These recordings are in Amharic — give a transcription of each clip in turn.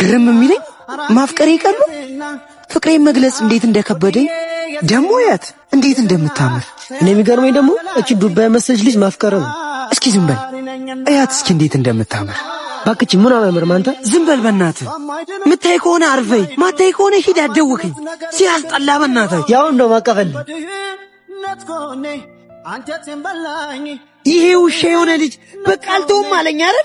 ግርም የሚለኝ ማፍቀሬ ቀሉ ፍቅሬን መግለጽ እንዴት እንደከበደኝ ደግሞ ያት እንዴት እንደምታምር እኔ የሚገርመኝ ደግሞ እቺ ዱባ የመሰለች ልጅ ማፍቀር ነው። እስኪ ዝም በል እያት እስኪ እንዴት እንደምታምር ባክቺ ምን አመምር ማንተ ዝም በል በእናትህ። ምታይ ከሆነ አርፈኝ፣ ማታይ ከሆነ ሂድ አደውክኝ ሲያስጠላ በእናትህ ያው እንደው ማቀፈል ይሄ ውሻ የሆነ ልጅ በቃ አልተውም አለኝ አይደል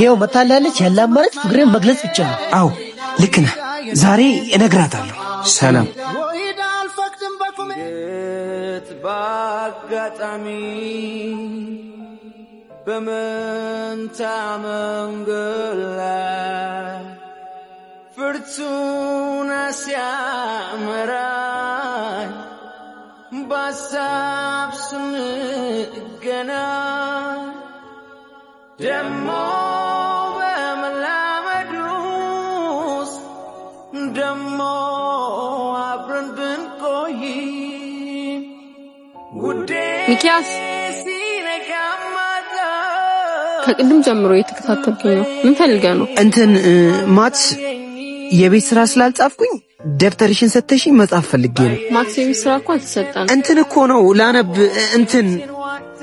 ይኸው መታላለች። ያለ አማራጭ ፍቅሬን መግለጽ ብቻ ነው። አዎ ልክ ነህ። ዛሬ እነግራታለሁ። ሰላም ባጋጣሚ በመንታ መንገድ ላይ ፍርቱና ሲያመራኝ በሀሳብ ስም ይለናል ደሞ ደሞ አብረን ብንቆይ ውዴ ሚኪያስ ከቅድም ጀምሮ እየተከታተልኩኝ ነው። ምን ፈልገህ ነው? እንትን ማትስ የቤት ስራ ስላልጻፍኩኝ ደብተርሽን ሰተሽኝ መጻፍ ፈልጌ ነው። ማትስ የቤት ስራ እኮ አልተሰጠንም። እንትን እኮ ነው ላነብ እንትን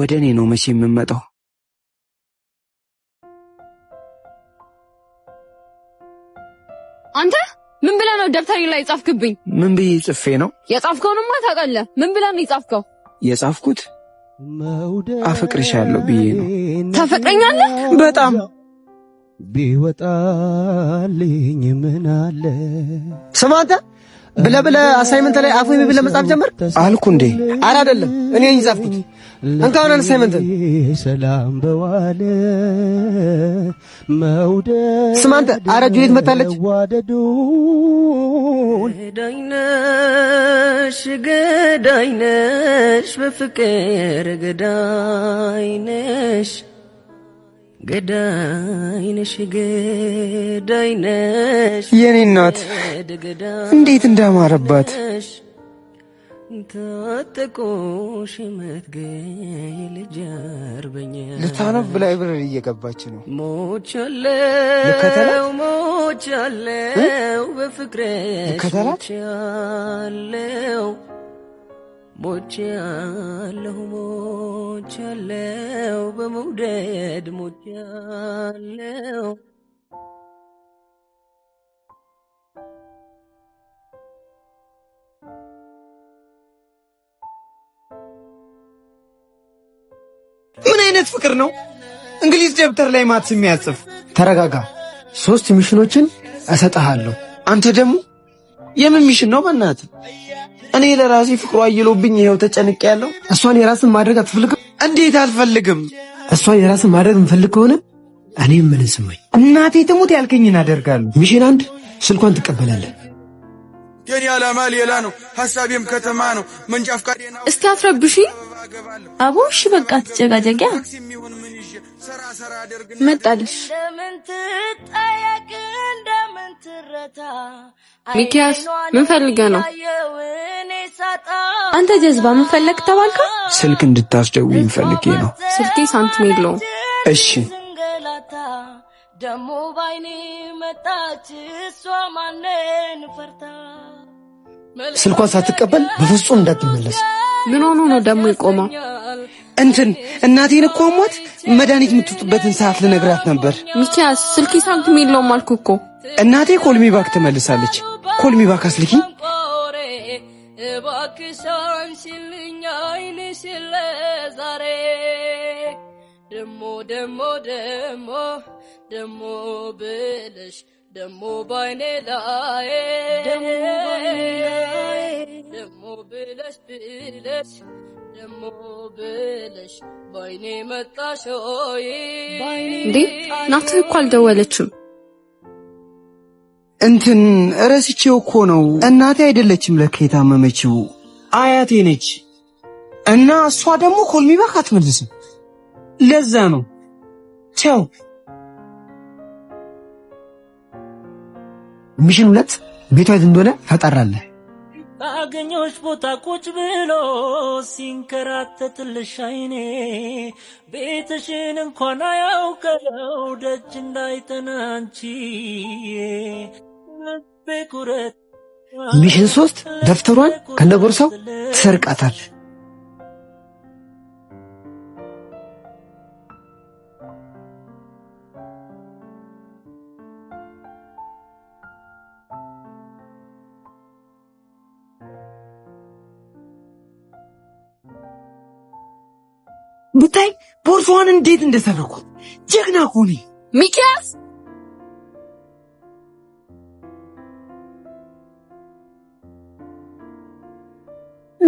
ወደ እኔ ነው መቼ የምመጣው? አንተ ምን ብለህ ነው ደብተሬ ላይ ጻፍክብኝ? ምን ብዬ ጽፌ ነው? የጻፍከውንማ ታውቃለህ። ምን ብለህ ነው የጻፍከው? የጻፍኩት አፈቅርሻለሁ ብዬ ነው። ታፈቅረኛለህ? በጣም ቢወጣልኝ ምን አለ። ስማ አንተ ብለህ ብለህ አሳይመንት ላይ አፎ ብለህ መጻፍ ጀመር አልኩ እንዴ? አረ አይደለም እኔ ነኝ የጻፍኩት እንካሁን አንሳይመንትን ሰላም በዋለ መውደድ ስማ አንተ አረጁ የት መታለች ዋደዱን ገዳይነሽ ገዳይነሽ በፍቅር ገዳይነሽ ገዳይነሽ ገዳይነሽ የኔ እናት እንዴት እንዳማረባት ታጥቆ ሽመት ገይል ጀርበኛ ልታነብ ብላ ብረን እየገባች ነው። ሞቻለው ሞቻለው በፍቅረሽ ሞቻለው ሞቻለሁ ሞቻለው በመውደድ ሞቻለው ምን አይነት ፍቅር ነው? እንግሊዝ ደብተር ላይ ማትስ የሚያጽፍ። ተረጋጋ። ሶስት ሚሽኖችን እሰጥሃለሁ። አንተ ደግሞ የምን ሚሽን ነው? በእናትህ እኔ ለራሴ ፍቅሯ አይሎብኝ ይኸው ተጨንቄ ያለው። እሷን የራስን ማድረግ አትፈልግም? እንዴት አልፈልግም። እሷን የራስን ማድረግ የምፈልግ ከሆነ እኔ ምን ስመኝ እናቴ ትሙት ያልከኝን አደርጋለሁ። ሚሽን አንድ ስልኳን ትቀበላለህ። የኔ ዓላማ ሌላ ነው፣ ሐሳቤም ከተማ ነው። መንጫፍቃ እስቲ አትረብሽኝ አቦ እሺ በቃ ትጨጋጀጊያ መጣልሽ እንደምን ትረታ? ሚኪያስ ምን ፈልገህ ነው አንተ ጀዝባ ምን ፈለግ ተባልከ ስልክ እንድታስደውይኝ ፈልጌ ነው ስልኬ ሳንቲም የለውም እሺ ደሞ ባይኔ መጣች እሷ ማንን ፈርታ ስልኳን ሳትቀበል በፍጹም እንዳትመለስ ምን ሆኖ ነው ደግሞ የቆመው? እንትን እናቴን እኮ አሟት መድኃኒት የምትውጥበትን ሰዓት ልነግራት ነበር። ሚኪያስ ስልኪ ሳንቲም የለውም አልኩ እኮ። እናቴ ኮልሚ ባክ ትመልሳለች። ኮልሚ ባክ አስልኪ ደሞ ደሞ ደሞ ደሞ ብለሽ ደሞ ባይኔ ላይ ደሞ ብለሽ ብለሽ ደሞ ብለሽ ባይኔ መጣሽ ሆይ እንዴ ናትህ እኮ አልደወለችም። እንትን ረስቼው እኮ ነው። እናቴ አይደለችም ለካ የታመመችው አያቴ ነች። እና እሷ ደግሞ ኮልሚባክ አትመልስም። ለዛ ነው ቸው ሚሽን ሁለት ቤቷ የት እንደሆነ ታጣራለህ። ባገኘሁሽ ቦታ ቁጭ ብሎ ሲንከራተትልሽ አይኔ ቤትሽን እንኳን አያውቀው ደጅ እንዳይተናንቺ ልቤ ኩረት። ሚሽን ሶስት ደብተሯን ከነጎርሳው ትሰርቃታል። ብታይ ቦርሷን እንዴት እንደሰረኩት ጀግና ሆኒ ሚኪያስ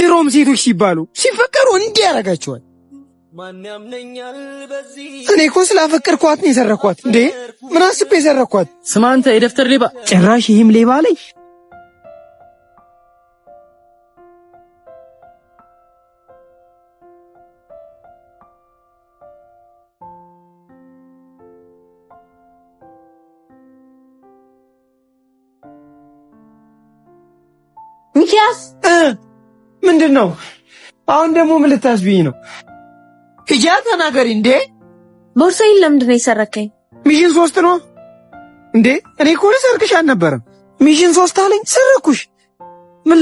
ድሮም ሴቶች ሲባሉ ሲፈቀሩ እንዲህ ያደርጋቸዋል። እኔ እኮ ስላፈቀርኳት ነው የሰረኳት። እንዴ ምን አስቤ የሰረኳት? ስማ አንተ የደብተር ሌባ! ጭራሽ ይህም ሌባ ላይ ሚኪያስ ምንድን ነው አሁን ደግሞ ምን ነው? እጃ ተናገሪ። እንዴ ቦርሳዬን ለምንድን ነው የሰረከኝ? ሚሽን ሶስት ነው እንዴ? እኔ እኮ ልሰርቅሽ አልነበረም። ሚሽን ሶስት አለኝ፣ ሰረኩሽ። ምን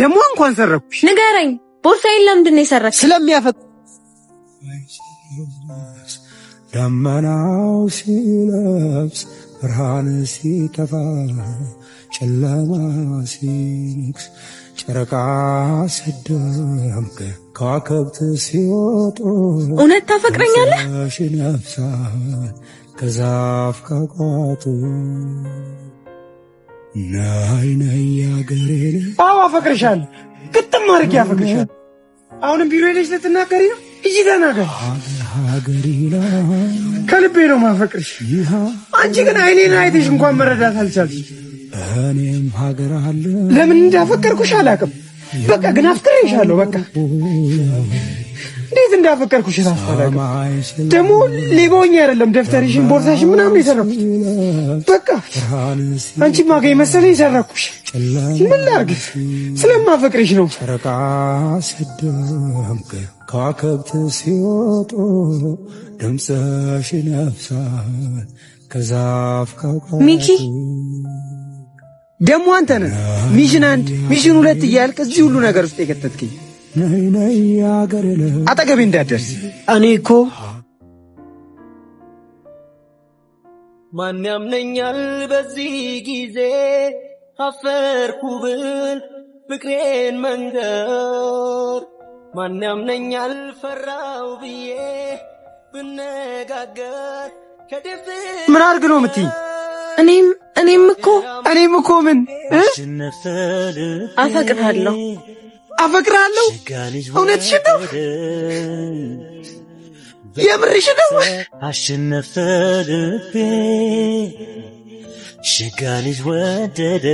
ደግሞ እንኳን ሰረኩሽ። ንገረኝ፣ ቦርሳዬን ለምንድን ነው የሰረከኝ? ስለሚያፈቅ ደመናው ሲለብስ ብርሃን ሲተፋ ጨለማ ሲንክስ ጨረቃ ሲደምቅ ከዋከብት ሲወጡ እውነት ታፈቅረኛለህ ሽነፍሳ ከዛፍ ከቋጡ ናይ ናይ ያገሬን አዎ አፈቅርሻለሁ ግጥም አድርጌ አፈቅርሻለሁ። አሁንም ቢሮ ሄደሽ ልትናገሪ ነው? እይ ተናገር ከልቤ ነው ማፈቅርሽ። አንቺ ግን አይኔን አይተሽ እንኳን መረዳት አልቻልሽ። እኔም ሀገር አለ ለምን እንዳፈቀርኩሽ አላቅም። በቃ ግን አፍቅሬሻለሁ በቃ እንዴት እንዳፈቀርኩሽ ታስታላቀ ደግሞ ሌባውኛ አይደለም። ደብተርሽን፣ ቦርሳሽን ምናምን የሰረኩት በቃ አንቺ ማገኝ መሰለኝ የሰረኩሽ። ምን ላርግ ስለማፈቅርሽ ነው። ጨረቃ ስደምቅ ከዋክብት ሲወጡ ድምፅሽ ነፍሳል ከዛፍ ሚኪ ደግሞ አንተ ነህ ሚሽን አንድ ሚሽን ሁለት እያልቅ እዚህ ሁሉ ነገር ውስጥ የከተትክኝ አጠገቤ እንዳደርስ እኔ እኮ ማን ያምነኛል በዚህ ጊዜ አፈርኩ ብል ፍቅሬን መንገር ማን ያምነኛል ፈራው ብዬ ብነጋገር ምን አድርግ ነው የምትይኝ? እኔም እኔም እኮ እኔም እኮ ምን አፈቅርሃለሁ አፈቅራለሁ። እውነትሽን ነው? የምርሽ ነው? አሸነፈ ልቤ ሸጋኒት ወደደ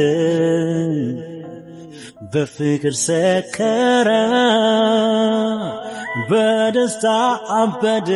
በፍቅር ሰከረ በደስታ አበደ።